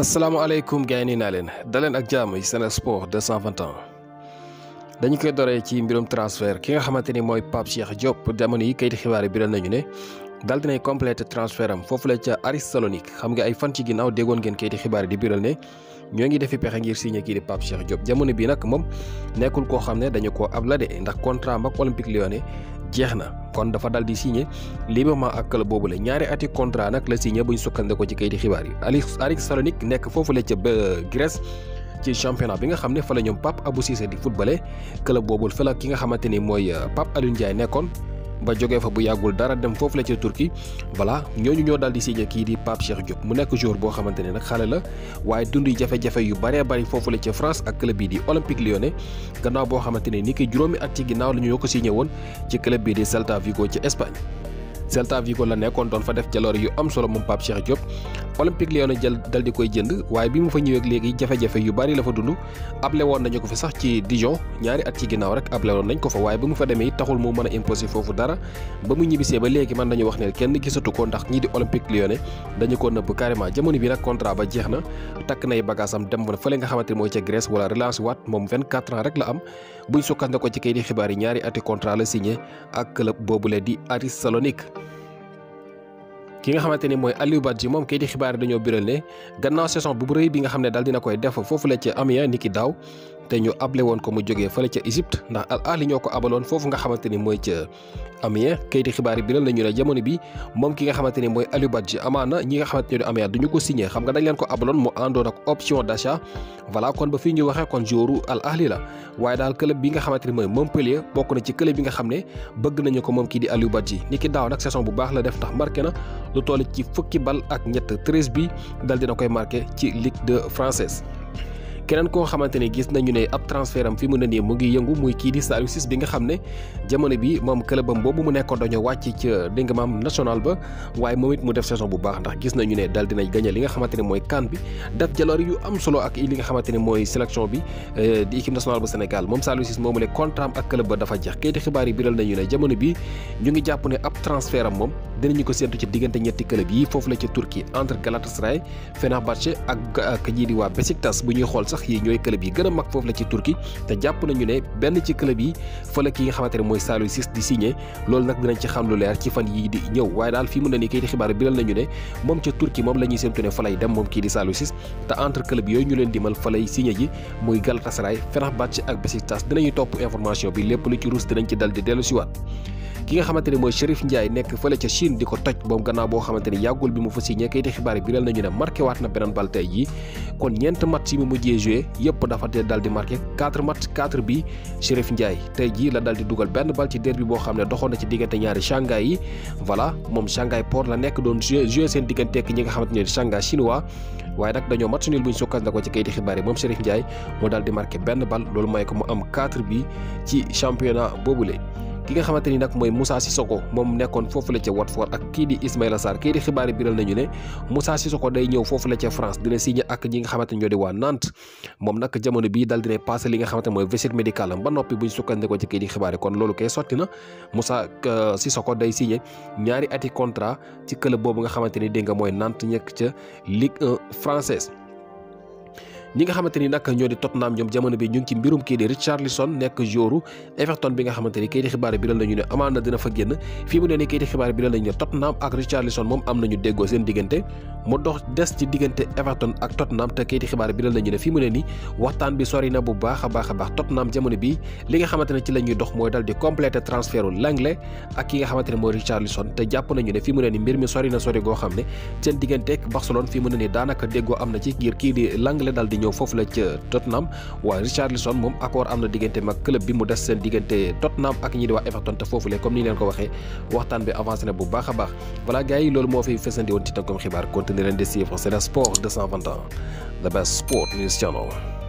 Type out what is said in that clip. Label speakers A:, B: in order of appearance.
A: asalaamaaleykum gars yi naa leen daleen ak jàmm yi Sen Sport 221 dañu koy doree ci mbirum transfert ki nga xamante ni mooy Pape Cheikh Diop jamono yi kayiti xibaar yi biral nañu ne daal dinay complété transfert foofu la ca aristolonique xam nga ay fan ci ginnaaw déggoon ngeen kayiti xibaar yi di biral ne ñoo ngi defi pexe ngir signé kii di Pape Cheikh Diop jamono bi nag moom nekkul koo xam ne dañu ko ab koo ablade ndax contrat am ak Olympique Lyonnais jeex na kon dafa dal di signé librement ak boobu boobule ñaari ati contrat nag la signé buñ sukkandikoo ci kayiti xibaar yi. Alex Alex Salonique nekk foofu foofule ca Grèce ci championnat bi nga xam ne fa la ñoom Pape Abou Cissé di footballé club boobul fa ki nga xamante ni mooy Pape Alioune nekkoon. ba jógee fa bu yàggul dara dem foofu la ca Turquie voilà ñooñu ñoo daal di signé kii di Pape Cheikh Diop mu nekk joueur boo xamante ne nag xale la waaye dund jafe-jafe yu baree bari foofu la ca France ak club bii di Olympique Lyonnais gannaaw boo xamante ne ni ki juróomi at ci ginnaaw la ñu ko signé woon ci club bii di Celta Vigo ci Espagne. Celta Vigo la nekkoon doon fa def jaloor yu am solo moom Pape Cheikh Diop Olympique Lyon jël dal di koy jënd waaye bi mu fa ñëwee léegi jafe-jafe yu bari la fa dund able woon nañu ko fi sax ci Dijon ñaari at ci ginnaaw rek able woon nañ ko fa waaye ba mu fa demee it taxul mu mën a imposer foofu dara ba mu ñibbisee ba léegi man nañu wax ne kenn gisatu ko ndax ñi di Olympique Lyonnais dañu ko nëbb carrément jamono bi nag contrat ba jeex na takk nay bagaasam dem fële nga xamante ne mooy ca Grèce wala relance waat moom 24 ans rek la am buñ sukkandikoo ci kayit di xibaar yi ñaari ati contrat la signé ak club boobule di Aris Salonique ki nga xamante ni mooy Aliou Badji moom kay di xibaar dañoo biral ne gannaaw saison bu rëy bi nga xam ne daal dina koy def foofu la ci Amiens niki daaw te ñu able woon ko mu jógee fële ca Égypte ndax Al Ahli ñoo ko abaloon foofu nga xamante ni mooy ca Amiens kayiti xibaar yi biral nañu ne jamono bi moom ki nga xamante ni mooy Aliou Badji amaana ñi nga xamante ne du Amiens duñu ko signé xam nga dañ leen ko abaloon mu àndoon ak option d'achat voilà kon ba fii ñu waxee kon jooru Al Ahli la waaye daal club bi nga xamante ni mooy Montpellier bokk na ci club bi nga xam ne bëgg nañu ko moom kii di Aliou Badji ki daaw nag saison bu baax la def ndax marqué na lu toll ci fukki bal ak ñett 13 bi dal dina koy marqué ci Ligue 2 française keneen koo xamante ne gis nañu ne ab transfert fi mu ne nii mu ngi yëngu muy kii di Saliou Ciss bi nga xam ne jamono bi moom clubam boobu mu nekkoon dañoo wàcc ca dinga maam national ba waaye moom it mu def saison bu baax ndax gis nañu ne dal dina gagné li nga xamante ne mooy CAN bi daf jaloor yu am solo ak li nga xamante mooy sélection bi euh, di équipe nationale bu Sénégal moom Saliou Ciss moomu ne contrat am ak club ba dafa jeex kayiti xibaar yi biral nañu ne jamono bi ñu ngi ne ab transfert am moom dinañu ko séntu ci diggante ñetti club yi foofu la ca Turquie entre Galatasaray Fenerbahçe ak di waa Besiktas bu ñuy xool sax yi ñooy club yi gën a mag foofu la ci Turquie te jàpp nañu ne benn ci club yi fa la ki nga xamante ne mooy Saloy Ciss di signé loolu nag dinañ ci xam lu leer ci fan yi di ñëw waaye daal fii mën na ni xibaar biral nañu ne moom ca Turquie moom la ñuy séentu ne fa lay dem moom kii di Saloy Ciss te entre club yooyu ñu leen dimal fa lay signé ji muy Galatasaray Fenerbahçe ak Besiktas dinañu topp information bi lépp lu ci ruus dinañ ci dal di dellu siwaat ki nga xamante ni mooy Chérif Ndiaye nekk fële ca Chine di ko toj moom gannaaw boo xamante ni yàggul bi mu fa signé kayiti xibaar yi biral nañu ne marqué waat na beneen bal tey jii kon ñeent match yi mu mujjee joué yëpp dafa dee daal di marqué match 4 bi Chérif Ndiaye tey jii la daal di dugal benn bal ci derby boo xam ne doxoon na ci diggante ñaari Shanghai yi voilà moom Shanghai Port la nekk doon joué joué seen diggante ak ñi nga xamante ne Shanghai chinois waaye nag dañoo match nul bu ñu sukkandikoo ci kayiti xibaar yi moom Chérif Ndiaye moo daal di marqué mooy ko mu am 4 bi ci championnat boobule ki nga xamante ni nag mooy Moussa Sissoko moom nekkoon foofu la ca Watford ak kii di Ismaïla Sarr kii di xibaar yi biral nañu ne Moussa Sissoko day ñëw foofu la ca France dina signé ak ñi nga xamante ni ñoo di waa Nantes moom nag jamono bii dal dina passé li nga xamante mooy visite médicale am ba noppi buñ sukkandikoo ci kii di xibaar yi kon loolu kay sotti na Moussa euh, Sissoko day signé ñaari ati contrat ci club boobu nga xamante ni dégg nga mooy Nantes ñekk ca Ligue 1 ñi nga xamante ni ñoo di Tottenham ñoom jamono bi ñu ci mbirum kii di Richarlison nekk jooru Everton bi nga xamante ni xibaar biral na dina fa génn fii mu ne nii kayiti xibaar biral nañu ne Tottenham ak Richarlison moom am nañu déggoo seen diggante mu dox des ci diggante Everton ak Tottenham te kayiti xibaar biral nañu ne fii mu ne nii waxtaan bi sori na bu baax a baax a baax Tottenham jamono bi li nga xamante ci la ñuy dox mooy dal di complété transferu Lenglet ak ki nga xamante mooy na sori goo xam ne seen ñëw foofu la ca Tottenham waaye Richarlison moom accord am na diggante mag club bi mu des seen diggante Tottenham ak ñi di waa Everton te foofu la comme ni leen ko waxee waxtaan bi avancé na bu baax a baax voilà gars yi loolu moo fiy fesandi woon ci tënkum xibaar continuer leen di suivre Sen Sport 221 the best sport news